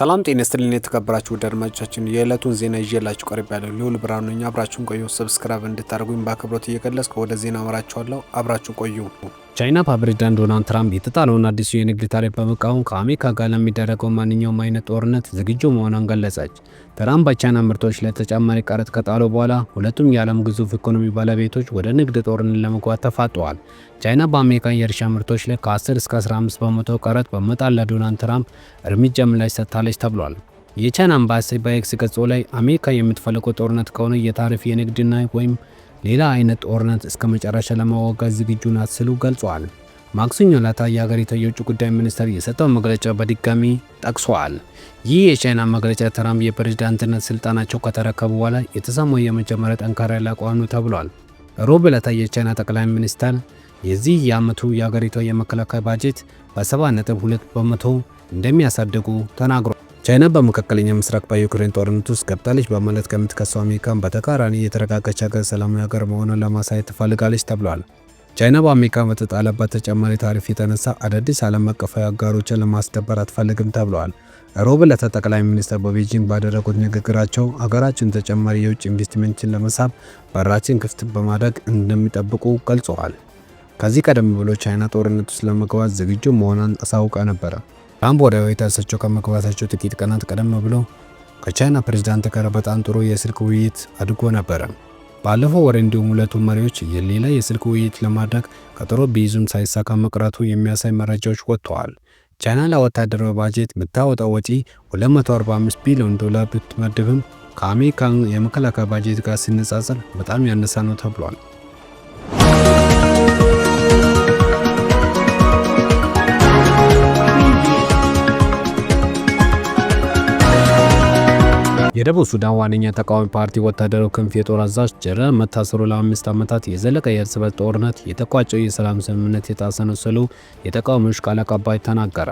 ሰላም ጤና ይስጥልኝ የተከበራችሁ ውድ አድማጮቻችን፣ የዕለቱን ዜና ይዤላችሁ ቀርብ ያለው ልዑል ብርሃኑ ነኝ። አብራችሁን ቆዩ። ሰብስክራይብ እንድታደርጉኝ በአክብሮት እየገለጽኩ ወደ ዜና አመራችኋለሁ። አብራችሁ ቆዩ። ቻይና በፕሬዝዳንት ዶናልድ ትራምፕ የተጣለውን አዲሱ የንግድ ታሪፍ በመቃወም ከአሜሪካ ጋር ለሚደረገው ማንኛውም አይነት ጦርነት ዝግጁ መሆኗን ገለጸች። ትራምፕ በቻይና ምርቶች ላይ ተጨማሪ ቀረጥ ከጣሉ በኋላ ሁለቱም የዓለም ግዙፍ ኢኮኖሚ ባለቤቶች ወደ ንግድ ጦርነት ለመግባት ተፋጠዋል። ቻይና በአሜሪካ የእርሻ ምርቶች ላይ ከ10 እስከ 15 በመቶ ቀረጥ በመጣል ለዶናልድ ትራምፕ እርምጃ ምላሽ ሰጥታለች ተብሏል። የቻይና አምባሲ በኤክስ ገጾ ላይ አሜሪካ የምትፈልገው ጦርነት ከሆነ የታሪፍ የንግድና ወይም ሌላ አይነት ጦርነት እስከ መጨረሻ ለመዋጋት ዝግጁ ናት ስሉ ገልጿል። ማክሰኞ ዕለት የአገሪቱ የውጭ ጉዳይ ሚኒስትር የሰጠው መግለጫ በድጋሚ ጠቅሷል። ይህ የቻይና መግለጫ ትራምፕ የፕሬዝዳንትነት ስልጣናቸው ከተረከቡ በኋላ የተሰማው የመጀመሪያ ጠንካራ ያላቋኑ ተብሏል። ሮብ ዕለት የቻይና ጠቅላይ ሚኒስትር የዚህ የዓመቱ የሀገሪቷ የመከላከያ ባጀት በ7.2 በመቶ እንደሚያሳድጉ ተናግሯል። ቻይና በመካከለኛ ምስራቅ በዩክሬን ጦርነት ውስጥ ገብታለች በማለት ከምትከሰው አሜሪካን በተቃራኒ የተረጋጋች ሀገር ሰላማዊ ሀገር መሆኗን ለማሳየት ትፈልጋለች ተብሏል። ቻይና በአሜሪካ በተጣለባት ተጨማሪ ታሪፍ የተነሳ አዳዲስ ዓለም አቀፋዊ አጋሮችን ለማስደበር አትፈልግም ተብሏል። ሮብ ዕለት ጠቅላይ ሚኒስትር በቤጂንግ ባደረጉት ንግግራቸው ሀገራችን ተጨማሪ የውጭ ኢንቨስትመንትን ለመሳብ በራችን ክፍት በማድረግ እንደሚጠብቁ ገልጸዋል። ከዚህ ቀደም ብሎ ቻይና ጦርነት ውስጥ ለመግባት ዝግጁ መሆኗን አሳውቃ ነበረ። ትራምፕ ወደ ዋይት ሀውስ ከመግባታቸው ጥቂት ቀናት ቀደም ብሎ ከቻይና ፕሬዝዳንት ጋር በጣም ጥሩ የስልክ ውይይት አድርጎ ነበረ። ባለፈው ወር እንዲሁም ሁለቱ መሪዎች የሌላ የስልክ ውይይት ለማድረግ ቀጠሮ ቢይዙም ሳይሳካ መቅረቱ የሚያሳይ መረጃዎች ወጥተዋል። ቻይና ለወታደራዊ ባጀት የምታወጣው ወጪ 245 ቢሊዮን ዶላር ብትመድብም ከአሜሪካን የመከላከያ ባጀት ጋር ሲነጻጸር በጣም ያነሳ ነው ተብሏል። የደቡብ ሱዳን ዋነኛ ተቃዋሚ ፓርቲ ወታደራዊ ክንፍ የጦር አዛዥ ጀነራል መታሰሩ ለአምስት ዓመታት የዘለቀ የእርስ በርስ ጦርነት የተቋጨው የሰላም ስምምነት የጣሰ ነው ሲሉ የተቃዋሚዎች ቃል አቀባይ ተናገረ።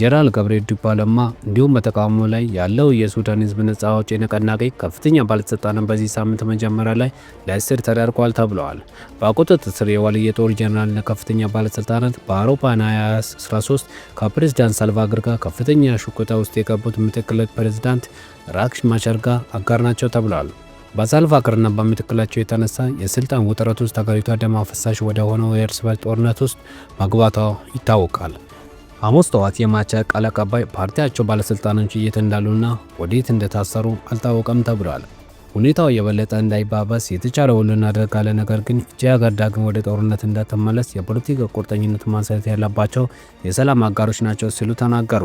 ጀነራል ገብርኤል ዲፓለማ እንዲሁም በተቃውሞ ላይ ያለው የሱዳን ህዝብ ነጻ አውጪ ንቅናቄ ከፍተኛ ባለስልጣናት በዚህ ሳምንት መጀመሪያ ላይ ለእስር ተዳርጓል ተብለዋል። በቁጥጥር ስር የዋለ የጦር ጀነራልና ከፍተኛ ባለስልጣናት በአውሮፓውያን 2013 ከፕሬዝዳንት ሳልቫ ግርጋ ጋር ከፍተኛ ሽኩታ ውስጥ የገቡት ምክትል ፕሬዝዳንት ራክሽ ማቻር ሸርጋ አጋር ናቸው ተብሏል። በሳልቫኪርና በምክትላቸው የተነሳ የስልጣን ውጥረት ውስጥ ሀገሪቷ ደም አፈሳሽ ወደ ሆነው የእርስ በርስ ጦርነት ውስጥ መግባቷ ይታወቃል። ሐሙስ ጠዋት የማቻር ቃል አቀባይ ፓርቲያቸው ባለሥልጣኖች የት እንዳሉና ወዴት እንደታሰሩ አልታወቀም ተብሏል። ሁኔታው የበለጠ እንዳይባባስ የተቻለ ሁሉ እናደርጋለን፣ ነገር ግን ይህች ሀገር ዳግም ወደ ጦርነት እንዳትመለስ የፖለቲካ ቁርጠኝነት ማሳየት ያለባቸው የሰላም አጋሮች ናቸው ሲሉ ተናገሩ።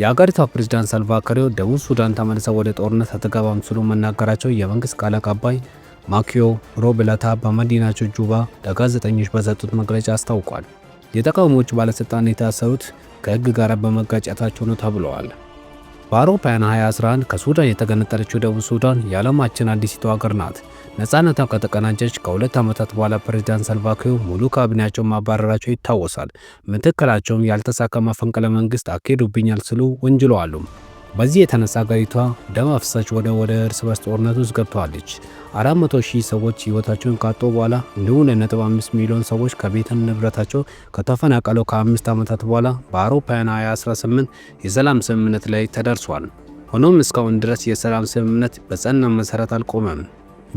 የአገሪቷ ፕሬዝዳንት ሳልቫ ኪር ደቡብ ሱዳን ተመልሰው ወደ ጦርነት አትገባም ሲሉ መናገራቸው የመንግስት ቃል አቀባይ ማኪዮ ሮብለታ በመዲናቸው ጁባ ለጋዜጠኞች በሰጡት መግለጫ አስታውቋል። የተቃዋሚዎች ባለሥልጣን የታሰሩት ከህግ ጋር በመጋጨታቸው ነው ተብለዋል። በአውሮፓውያን 2011 ከሱዳን የተገነጠለችው ደቡብ ሱዳን የዓለማችን አዲሲቱ ሀገር ናት። ነፃነቷ ከተቀናጀች ከሁለት ዓመታት በኋላ ፕሬዚዳንት ሳልቫኪር ሙሉ ካቢኔያቸውን ማባረራቸው ይታወሳል። ምትክላቸውም ያልተሳካ መፈንቅለ መንግስት አካሂዱብኛል ስሉ ወንጅለዋሉ። በዚህ የተነሳ ሀገሪቷ ደም አፍሳሽ ወደ ወደ እርስ በርስ ጦርነት ውስጥ ገብተዋለች። 400 ሺህ ሰዎች ህይወታቸውን ካጡ በኋላ እንዲሁም 5 ሚሊዮን ሰዎች ከቤተ ንብረታቸው ከተፈናቀለው ከአምስት ዓመታት በኋላ በአውሮፓውያን 2018 የሰላም ስምምነት ላይ ተደርሷል። ሆኖም እስካሁን ድረስ የሰላም ስምምነት በጸና መሰረት አልቆመም።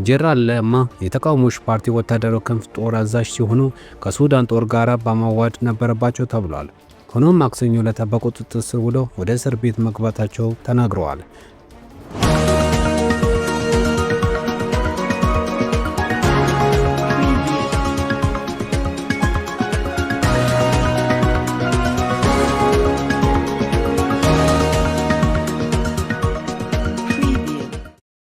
ጀራል ለማ የተቃዋሚዎች ፓርቲ ወታደራዊ ክንፍ ጦር አዛዥ ሲሆኑ ከሱዳን ጦር ጋር በማዋድ ነበረባቸው ተብሏል። ሆኖም ማክሰኞ ዕለት በቁጥጥር ስር ውለው ወደ እስር ቤት መግባታቸው ተናግረዋል።